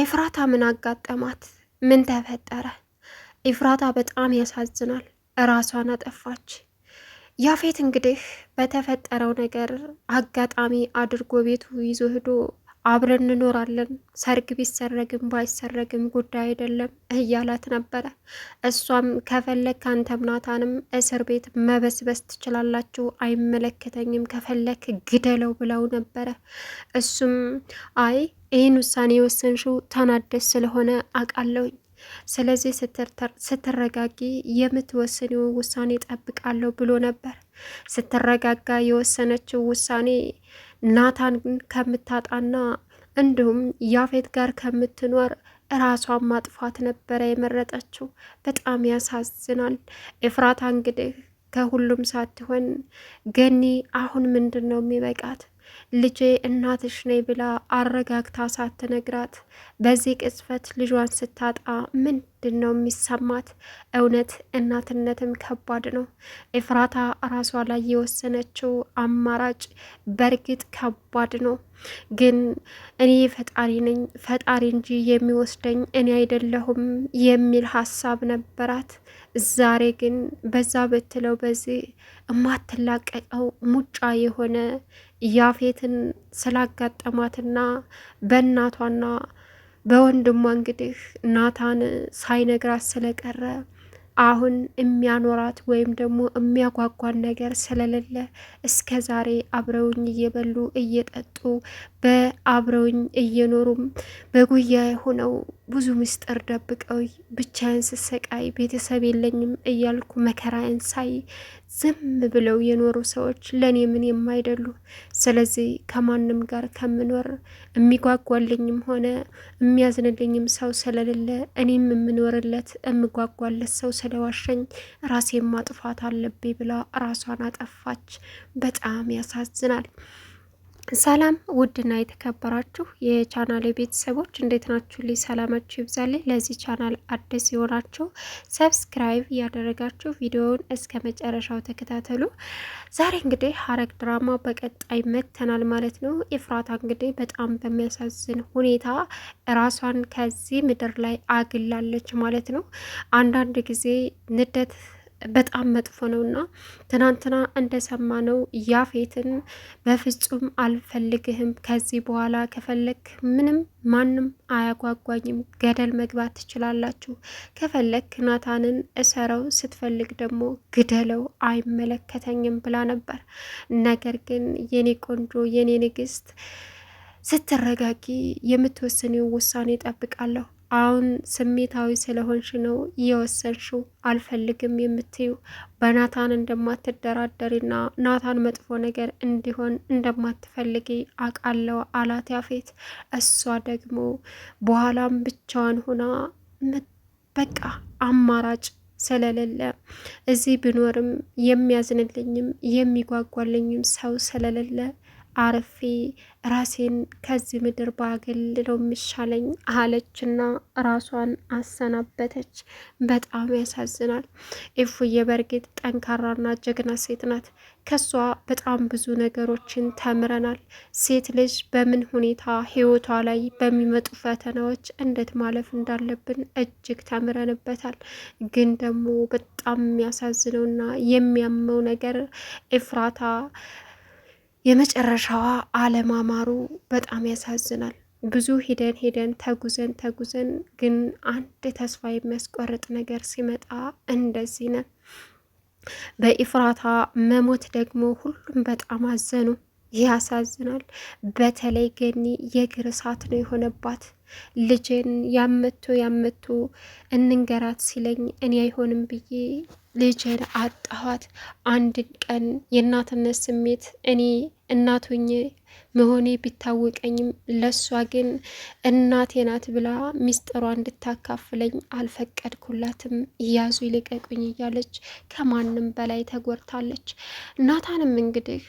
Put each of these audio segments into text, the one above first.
ኤፍራታ ምን አጋጠማት? ምን ተፈጠረ? ኤፍራታ በጣም ያሳዝናል። እራሷን አጠፋች። ያፌት እንግዲህ በተፈጠረው ነገር አጋጣሚ አድርጎ ቤቱ ይዞ ሄዶ አብረን እንኖራለን፣ ሰርግ ቢሰረግም ባይሰረግም ጉዳይ አይደለም እያላት ነበረ። እሷም ከፈለክ አንተም ናታንም እስር ቤት መበስበስ ትችላላችሁ፣ አይመለከተኝም፣ ከፈለክ ግደለው ብለው ነበረ። እሱም አይ ይህን ውሳኔ የወሰንሽው ተናደስ ስለሆነ አውቃለሁኝ ስለዚህ ስትረጋጊ የምትወስኒው ውሳኔ ጠብቃለሁ ብሎ ነበር። ስትረጋጋ የወሰነችው ውሳኔ ናታን ከምታጣና እንዲሁም ያፌት ጋር ከምትኖር ራሷን ማጥፋት ነበረ የመረጠችው። በጣም ያሳዝናል። ኤፍራታ እንግዲህ ከሁሉም ሳትሆን ገኒ አሁን ምንድን ነው የሚበቃት? ልጄ እናትሽ ነኝ ብላ አረጋግታ ሳትነግራት በዚህ ቅጽበት ልጇን ስታጣ ምን ምንድን ነው የሚሰማት? እውነት እናትነትም ከባድ ነው። ኤፍራታ ራሷ ላይ የወሰነችው አማራጭ በእርግጥ ከባድ ነው፣ ግን እኔ ፈጣሪ ነኝ ፈጣሪ እንጂ የሚወስደኝ እኔ አይደለሁም የሚል ሀሳብ ነበራት። ዛሬ ግን በዛ ብትለው በዚህ እማትላቀቀው ሙጫ የሆነ ያፌትን ስላጋጠማትና በእናቷና በወንድሟ እንግዲህ ናታን ሳይነግራት ስለቀረ አሁን የሚያኖራት ወይም ደግሞ የሚያጓጓን ነገር ስለሌለ እስከ ዛሬ አብረውኝ እየበሉ እየጠጡ በአብረውኝ እየኖሩም በጉያ ሆነው ብዙ ምስጢር ደብቀው ብቻዬን ስሰቃይ ቤተሰብ የለኝም እያልኩ መከራዬን ሳይ ዝም ብለው የኖሩ ሰዎች ለእኔ ምን የማይደሉ። ስለዚህ ከማንም ጋር ከምኖር የሚጓጓልኝም ሆነ የሚያዝንልኝም ሰው ስለሌለ እኔም የምኖርለት የምጓጓለት ሰው ስለዋሸኝ ራሴን ማጥፋት አለብኝ ብላ ራሷን አጠፋች። በጣም ያሳዝናል። ሰላም ውድና የተከበራችሁ የቻናል ቤተሰቦች እንዴት ናችሁ? ልይ ሰላማችሁ ይብዛልኝ። ለዚህ ቻናል አዲስ የሆናችሁ ሰብስክራይብ እያደረጋችሁ ቪዲዮውን እስከ መጨረሻው ተከታተሉ። ዛሬ እንግዲህ ሐረግ ድራማ በቀጣይ መተናል ማለት ነው። ኤፍራታ እንግዲህ በጣም በሚያሳዝን ሁኔታ ራሷን ከዚህ ምድር ላይ አግላለች ማለት ነው። አንዳንድ ጊዜ ንደት በጣም መጥፎ ነው እና ትናንትና እንደሰማነው ያፌትን በፍጹም አልፈልግህም፣ ከዚህ በኋላ ከፈለክ ምንም ማንም አያጓጓኝም፣ ገደል መግባት ትችላላችሁ፣ ከፈለክ ናታንን እሰረው፣ ስትፈልግ ደግሞ ግደለው፣ አይመለከተኝም ብላ ነበር። ነገር ግን የኔ ቆንጆ የኔ ንግስት ስትረጋጊ የምትወስኒውን ውሳኔ ጠብቃለሁ አሁን ስሜታዊ ስለሆንሽ ነው እየወሰንሽው አልፈልግም የምትዩ በናታን እንደማትደራደሪና ናታን መጥፎ ነገር እንዲሆን እንደማትፈልጊ አቃለው አላት ያፌት። እሷ ደግሞ በኋላም ብቻዋን ሆና በቃ አማራጭ ስለሌለ እዚህ ብኖርም የሚያዝንልኝም የሚጓጓልኝም ሰው ስለሌለ አርፌ ራሴን ከዚህ ምድር ባገል ነው የሚሻለኝ አለችና ራሷን አሰናበተች። በጣም ያሳዝናል። ኢፉዬ በእርግጥ ጠንካራና ጀግና ሴት ናት። ከሷ በጣም ብዙ ነገሮችን ተምረናል። ሴት ልጅ በምን ሁኔታ ህይወቷ ላይ በሚመጡ ፈተናዎች እንዴት ማለፍ እንዳለብን እጅግ ተምረንበታል። ግን ደግሞ በጣም የሚያሳዝነውና የሚያመው ነገር ኢፍራታ የመጨረሻዋ አለማማሩ በጣም ያሳዝናል። ብዙ ሂደን ሂደን ተጉዘን ተጉዘን ግን አንድ ተስፋ የሚያስቆርጥ ነገር ሲመጣ እንደዚህ ነ በኢፍራታ መሞት ደግሞ ሁሉም በጣም አዘኑ። ያሳዝናል። በተለይ ገኒ የእግር እሳት ነው የሆነባት። ልጄን ያመቶ ያመቶ እንንገራት ሲለኝ እኔ አይሆንም ብዬ ልጄን አጣኋት። አንድ ቀን የእናትነት ስሜት እኔ እናቶኝ መሆኔ ቢታወቀኝም ለሷ ግን እናቴ ናት ብላ ሚስጥሯ እንድታካፍለኝ አልፈቀድኩላትም። እያዙ ይልቀቁኝ እያለች ከማንም በላይ ተጎድታለች። ናታንም እንግዲህ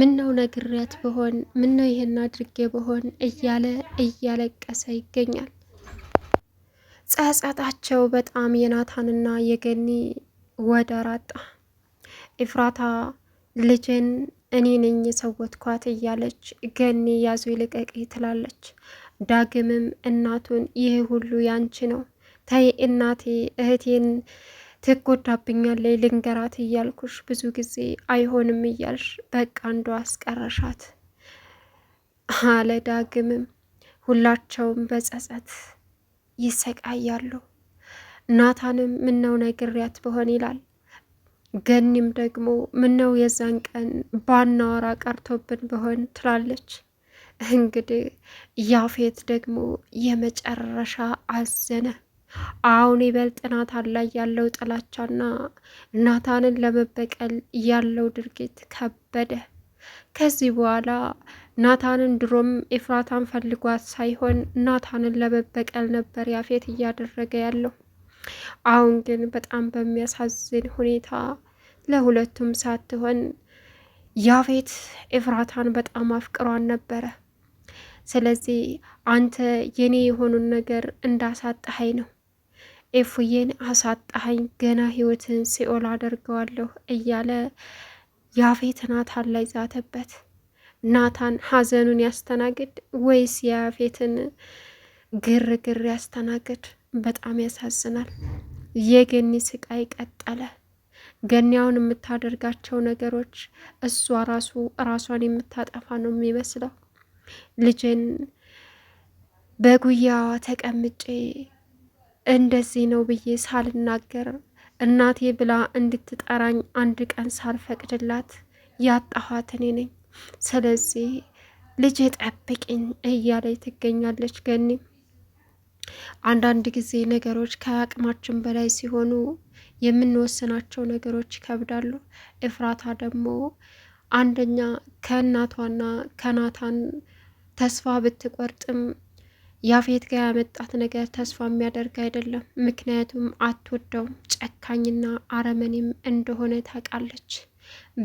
ምነው ነግሬያት በሆን ምነው ይሄን አድርጌ በሆን እያለ እያለቀሰ ይገኛል። ጸጸታቸው በጣም የናታንና የገኒ ወደር አጣ። ኢፍራታ ልጅን እኔ ነኝ የሰወትኳት እያለች ገኒ ያዙ ይልቀቅ ትላለች። ዳግምም እናቱን ይህ ሁሉ ያንቺ ነው፣ ተይ እናቴ እህቴን ትጎዳብኛለች፣ ልንገራት እያልኩሽ ብዙ ጊዜ አይሆንም እያልሽ በቃ አንዷ አስቀረሻት አለ ዳግምም ሁላቸውም በጸጸት ይሰቃያሉ። ናታንም ምነው ነግሪያት በሆን ይላል። ገኒም ደግሞ ምነው የዛን ቀን ባናወራ ቀርቶብን በሆን ትላለች። እንግዲህ ያፌት ደግሞ የመጨረሻ አዘነ። አሁን ይበልጥ ናታን ላይ ያለው ጥላቻና ናታንን ለመበቀል ያለው ድርጊት ከበደ። ከዚህ በኋላ ናታንን ድሮም ኤፍራታን ፈልጓት ሳይሆን ናታንን ለመበቀል ነበር ያፌት እያደረገ ያለው። አሁን ግን በጣም በሚያሳዝን ሁኔታ ለሁለቱም ሳትሆን ያፌት ኤፍራታን በጣም አፍቅሯን ነበረ። ስለዚህ አንተ የኔ የሆኑን ነገር እንዳሳጣኸኝ ነው ኤፉዬን አሳጣሀኝ፣ ገና ህይወትን ሲኦል አደርገዋለሁ እያለ ያፌት ናታን ላይ ዛተበት። ናታን ሀዘኑን ያስተናግድ ወይስ የያፌትን ግርግር ያስተናግድ? በጣም ያሳዝናል። የገኒ ስቃይ ቀጠለ። ገኒያውን የምታደርጋቸው ነገሮች እሷ ራሱ ራሷን የምታጠፋ ነው የሚመስለው። ልጅን በጉያዋ ተቀምጬ እንደዚህ ነው ብዬ ሳልናገር እናቴ ብላ እንድትጠራኝ አንድ ቀን ሳልፈቅድላት ያጣኋት እኔ ነኝ። ስለዚህ ልጅ ጠብቅኝ እያለች ትገኛለች። ገኒ አንዳንድ ጊዜ ነገሮች ከአቅማችን በላይ ሲሆኑ የምንወስናቸው ነገሮች ይከብዳሉ። እፍራታ ደግሞ አንደኛ ከእናቷና ከናታን ተስፋ ብትቆርጥም ያፌት ጋር ያመጣት ነገር ተስፋ የሚያደርግ አይደለም። ምክንያቱም አትወደውም፣ ጨካኝና አረመኔም እንደሆነ ታውቃለች።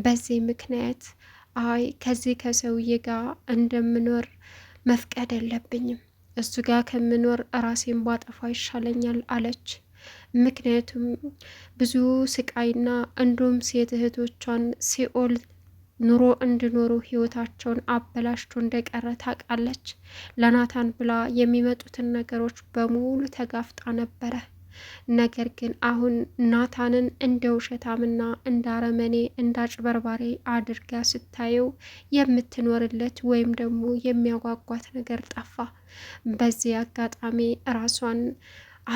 በዚህ ምክንያት አይ ከዚህ ከሰውዬ ጋር እንደምኖር መፍቀድ የለብኝም እሱ ጋር ከምኖር ራሴን ባጠፋ ይሻለኛል አለች። ምክንያቱም ብዙ ስቃይና እንዲሁም ሴት እህቶቿን ሲኦል ኑሮ እንዲኖሩ ህይወታቸውን አበላሽቶ እንደቀረ ታውቃለች። ለናታን ብላ የሚመጡትን ነገሮች በሙሉ ተጋፍጣ ነበረ። ነገር ግን አሁን ናታንን እንደ ውሸታምና እንደ አጭበርባሬ አድርጋ ስታየው የምትኖርለት ወይም ደግሞ የሚያጓጓት ነገር ጠፋ። በዚህ አጋጣሚ ራሷን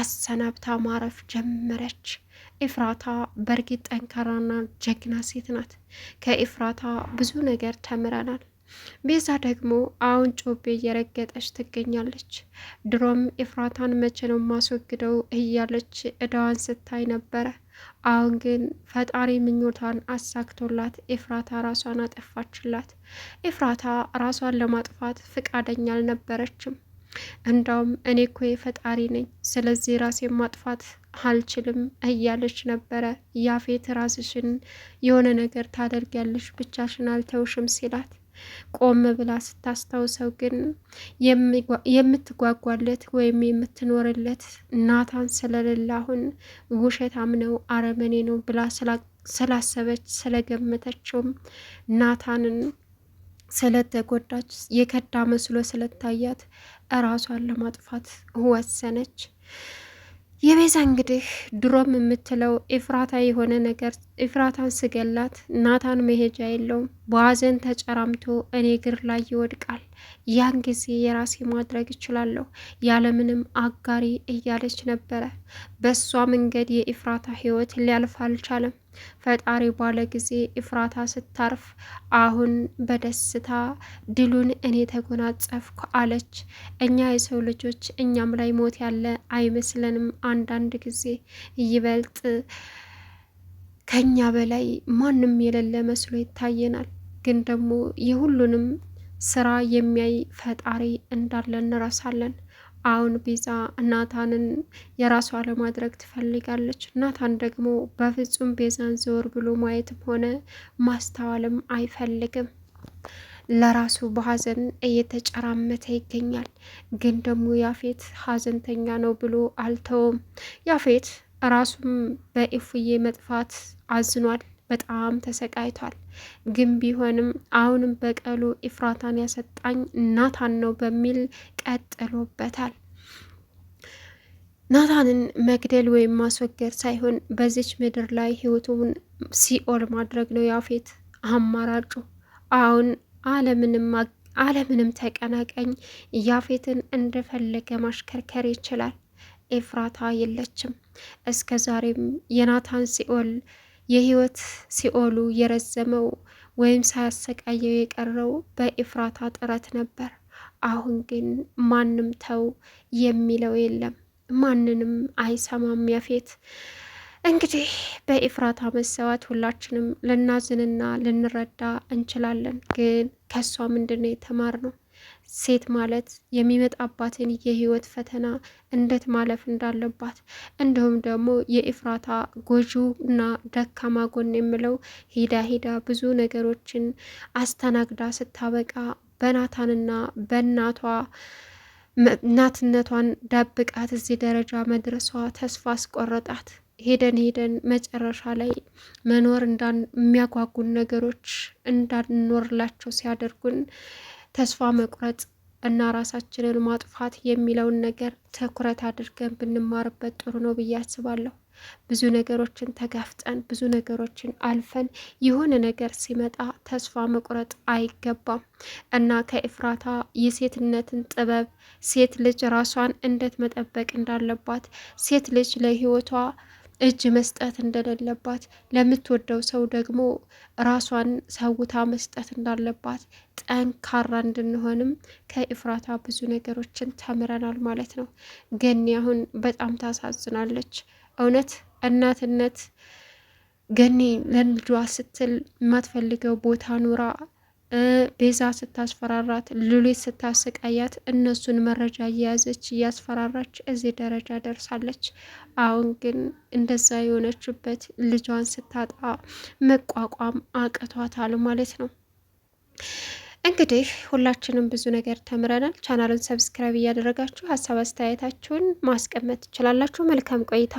አሰናብታ ማረፍ ጀመረች። ኤፍራታ በእርግጥ ጠንካራና ጀግና ሴት ናት። ከኤፍራታ ብዙ ነገር ተምረናል። ቤዛ ደግሞ አሁን ጮቤ እየረገጠች ትገኛለች። ድሮም ኤፍራታን መቼ ነው ማስወግደው እያለች እዳዋን ስታይ ነበረ። አሁን ግን ፈጣሪ ምኞቷን አሳክቶላት ኤፍራታ ራሷን አጠፋችላት። ኤፍራታ ራሷን ለማጥፋት ፍቃደኛ አልነበረችም። እንዳውም እኔ እኮ ፈጣሪ ነኝ፣ ስለዚህ ራሴ ማጥፋት አልችልም እያለች ነበረ። ያፌት ራስሽን የሆነ ነገር ታደርጊያለሽ፣ ብቻሽን አልተውሽም ሲላት ቆም ብላ ስታስታውሰው ግን የምትጓጓለት ወይም የምትኖርለት ናታን ስለሌለ አሁን ውሸታም ነው፣ አረመኔ ነው ብላ ስላሰበች ስለገመተችውም ናታንን ስለተጎዳች የከዳ መስሎ ስለታያት እራሷን ለማጥፋት ወሰነች። የቤዛ እንግዲህ ድሮም የምትለው ኤፍራታ የሆነ ነገር ኤፍራታን ስገላት ናታን መሄጃ የለውም በሐዘን ተጨራምቶ እኔ እግር ላይ ይወድቃል። ያን ጊዜ የራሴ ማድረግ እችላለሁ ያለምንም አጋሪ እያለች ነበረ። በሷ መንገድ የኢፍራታ ሕይወት ሊያልፍ አልቻለም። ፈጣሪ ባለ ጊዜ ኢፍራታ ስታርፍ አሁን በደስታ ድሉን እኔ ተጎናጸፍኩ አለች። እኛ የሰው ልጆች እኛም ላይ ሞት ያለ አይመስለንም አንዳንድ ጊዜ ይበልጥ ከኛ በላይ ማንም የሌለ መስሎ ይታየናል። ግን ደግሞ የሁሉንም ስራ የሚያይ ፈጣሪ እንዳለ እንረሳለን። አሁን ቤዛ ናታንን የራሷ ለማድረግ ትፈልጋለች። ናታን ደግሞ በፍጹም ቤዛን ዘወር ብሎ ማየትም ሆነ ማስተዋልም አይፈልግም። ለራሱ በሀዘን እየተጨራመተ ይገኛል። ግን ደግሞ ያፌት ሀዘንተኛ ነው ብሎ አልተውም። ያፌት ራሱም በኢፉዬ መጥፋት አዝኗል። በጣም ተሰቃይቷል። ግን ቢሆንም አሁንም በቀሉ ኢፍራታን ያሰጣኝ ናታን ነው በሚል ቀጥሎበታል። ናታንን መግደል ወይም ማስወገድ ሳይሆን በዚች ምድር ላይ ሕይወቱን ሲኦል ማድረግ ነው ያፌት አማራጩ። አሁን አለምንም አለምንም ተቀናቃኝ ያፌትን እንደፈለገ ማሽከርከር ይችላል። ኤፍራታ የለችም። እስከ ዛሬም የናታን ሲኦል የህይወት ሲኦሉ የረዘመው ወይም ሳያሰቃየው የቀረው በኤፍራታ ጥረት ነበር። አሁን ግን ማንም ተው የሚለው የለም፣ ማንንም አይሰማም ያፌት። እንግዲህ በኤፍራታ መሰዋት ሁላችንም ልናዝንና ልንረዳ እንችላለን። ግን ከእሷ ምንድን ነው የተማር ነው? ሴት ማለት የሚመጣባትን የህይወት ፈተና እንዴት ማለፍ እንዳለባት እንዲሁም ደግሞ የኢፍራታ ጎጂው እና ደካማ ጎን የምለው ሂዳ ሂዳ ብዙ ነገሮችን አስተናግዳ ስታበቃ በናታንና በእናቷ እናትነቷን ደብቃት እዚህ ደረጃ መድረሷ ተስፋ አስቆረጣት። ሄደን ሄደን መጨረሻ ላይ መኖር የሚያጓጉን ነገሮች እንዳንኖርላቸው ሲያደርጉን ተስፋ መቁረጥ እና ራሳችንን ማጥፋት የሚለውን ነገር ትኩረት አድርገን ብንማርበት ጥሩ ነው ብዬ አስባለሁ። ብዙ ነገሮችን ተጋፍጠን ብዙ ነገሮችን አልፈን የሆነ ነገር ሲመጣ ተስፋ መቁረጥ አይገባም እና ከኤፍራታ የሴትነትን ጥበብ ሴት ልጅ ራሷን እንዴት መጠበቅ እንዳለባት ሴት ልጅ ለሕይወቷ እጅ መስጠት እንደሌለባት፣ ለምትወደው ሰው ደግሞ ራሷን ሰውታ መስጠት እንዳለባት፣ ጠንካራ እንድንሆንም ከኢፍራታ ብዙ ነገሮችን ተምረናል ማለት ነው። ገኒ አሁን በጣም ታሳዝናለች። እውነት እናትነት ገኒ ለልጇ ስትል የማትፈልገው ቦታ ኑራ ቤዛ ስታስፈራራት፣ ሉሊት ስታሰቃያት፣ እነሱን መረጃ እየያዘች እያስፈራራች እዚህ ደረጃ ደርሳለች። አሁን ግን እንደዛ የሆነችበት ልጇን ስታጣ መቋቋም አቅቷታል ማለት ነው። እንግዲህ ሁላችንም ብዙ ነገር ተምረናል። ቻናሉን ሰብስክራይብ እያደረጋችሁ ሀሳብ አስተያየታችሁን ማስቀመጥ ትችላላችሁ። መልካም ቆይታ